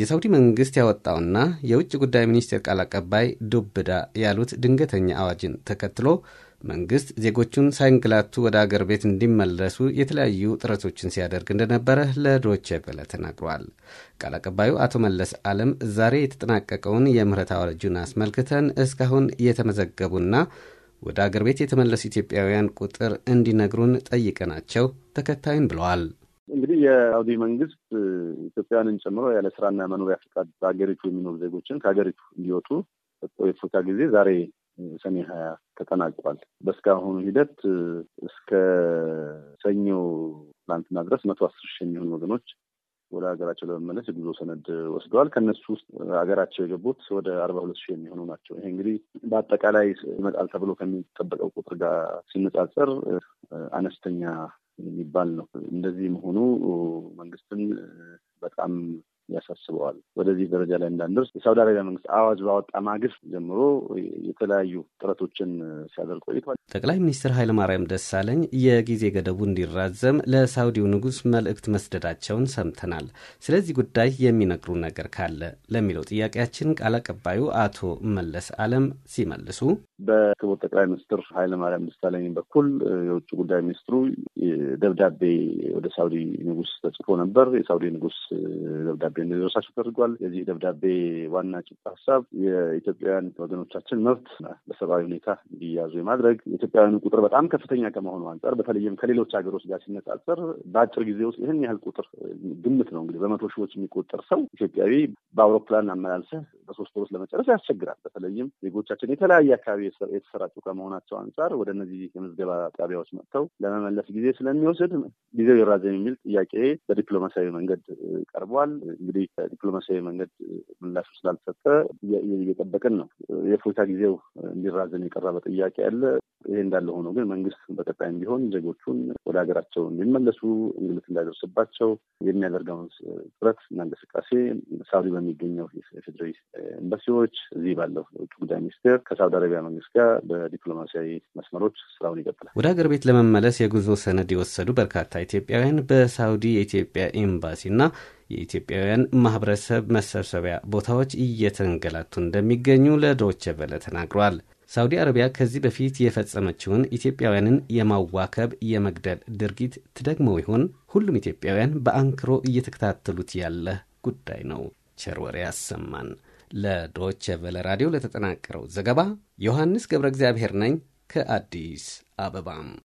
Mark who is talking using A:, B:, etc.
A: የሳውዲ መንግስት ያወጣውና የውጭ ጉዳይ ሚኒስቴር ቃል አቀባይ ዱብዳ ያሉት ድንገተኛ አዋጅን ተከትሎ መንግስት ዜጎቹን ሳይንግላቱ ወደ አገር ቤት እንዲመለሱ የተለያዩ ጥረቶችን ሲያደርግ እንደነበረ ለዶቼ ቬለ ተናግሯል። ቃል አቀባዩ አቶ መለስ አለም ዛሬ የተጠናቀቀውን የምህረት አዋጁን አስመልክተን እስካሁን የተመዘገቡና ወደ አገር ቤት የተመለሱ ኢትዮጵያውያን ቁጥር እንዲነግሩን ጠይቀናቸው ተከታዩን ብለዋል።
B: የአውዲ መንግስት ኢትዮጵያንን ጨምሮ ያለ ስራና መኖሪያ ፈቃድ በሀገሪቱ የሚኖሩ ዜጎችን ከሀገሪቱ እንዲወጡ የፎታ ጊዜ ዛሬ ሰኔ ሀያ ተጠናቋል። በእስካሁኑ ሂደት እስከ ሰኞ ትላንትና ድረስ መቶ አስር ሺህ የሚሆኑ ወገኖች ወደ ሀገራቸው ለመመለስ የጉዞ ሰነድ ወስደዋል። ከእነሱ ውስጥ ሀገራቸው የገቡት ወደ አርባ ሁለት ሺህ የሚሆኑ ናቸው። ይሄ እንግዲህ በአጠቃላይ ይመጣል ተብሎ ከሚጠበቀው ቁጥር ጋር ሲነጻጸር አነስተኛ የሚባል ነው። እንደዚህ መሆኑ መንግስትን በጣም ያሳስበዋል። ወደዚህ ደረጃ ላይ እንዳንደርስ የሳውዲ አረቢያ መንግስት አዋጅ ባወጣ ማግስት ጀምሮ የተለያዩ
A: ጥረቶችን ሲያደርግ ቆይቷል። ጠቅላይ ሚኒስትር ኃይለማርያም ደሳለኝ የጊዜ ገደቡ እንዲራዘም ለሳውዲው ንጉስ መልእክት መስደዳቸውን ሰምተናል። ስለዚህ ጉዳይ የሚነግሩ ነገር ካለ ለሚለው ጥያቄያችን ቃል አቀባዩ አቶ መለስ አለም ሲመልሱ
B: በክቡር ጠቅላይ ሚኒስትር ኃይለማርያም ደሳለኝ በኩል የውጭ ጉዳይ ሚኒስትሩ ደብዳቤ ወደ ሳውዲ ንጉስ ተጽፎ ነበር። የሳውዲ ንጉስ ደብዳቤ እንደደረሳቸው ተደርጓል። የዚህ ደብዳቤ ዋና ጭብጥ ሀሳብ የኢትዮጵያውያን ወገኖቻችን መብት በሰብአዊ ሁኔታ እንዲያዙ የማድረግ የኢትዮጵያውያኑ ቁጥር በጣም ከፍተኛ ከመሆኑ አንጻር በተለይም ከሌሎች ሀገሮች ጋር ሲነጻጸር በአጭር ጊዜ ውስጥ ይህን ያህል ቁጥር ግምት ነው እንግዲህ በመቶ ሺዎች የሚቆጠር ሰው ኢትዮጵያዊ በአውሮፕላን አመላልሰህ ከሶስት ወር ለመጨረስ ያስቸግራል። በተለይም ዜጎቻችን የተለያየ አካባቢ የተሰራጩ ከመሆናቸው አንጻር ወደ እነዚህ የምዝገባ ጣቢያዎች መጥተው ለመመለስ ጊዜ ስለሚወስድ ጊዜው ይራዘም የሚል ጥያቄ በዲፕሎማሲያዊ መንገድ ቀርቧል። እንግዲህ ዲፕሎማሲያዊ መንገድ ምላሹ ስላልሰጠ እየጠበቅን ነው። የፎታ ጊዜው እንዲራዘም የቀረበ ጥያቄ አለ። ይሄ እንዳለ ሆኖ ግን መንግስት በቀጣይም ቢሆን ዜጎቹን ወደ ሀገራቸው እንዲመለሱ እንግልት እንዳይደርስባቸው የሚያደርገውን ጥረት እና እንቅስቃሴ ሳውዲ በሚገኘው የፌዴራል ኤምባሲዎች እዚህ ባለው የውጭ ጉዳይ ሚኒስቴር ከሳውዲ አረቢያ መንግስት ጋር በዲፕሎማሲያዊ መስመሮች ስራውን ይቀጥላል።
A: ወደ ሀገር ቤት ለመመለስ የጉዞ ሰነድ የወሰዱ በርካታ ኢትዮጵያውያን በሳውዲ የኢትዮጵያ ኤምባሲ እና የኢትዮጵያውያን ማህበረሰብ መሰብሰቢያ ቦታዎች እየተንገላቱ እንደሚገኙ ለዶይቼ ቬለ ተናግሯል። ሳውዲ አረቢያ ከዚህ በፊት የፈጸመችውን ኢትዮጵያውያንን የማዋከብ የመግደል ድርጊት ትደግመው ይሆን? ሁሉም ኢትዮጵያውያን በአንክሮ እየተከታተሉት ያለ ጉዳይ ነው። ቸር ወሬ ያሰማን። ለዶች ቨለ ራዲዮ ለተጠናቀረው ዘገባ ዮሐንስ ገብረ እግዚአብሔር ነኝ ከአዲስ አበባም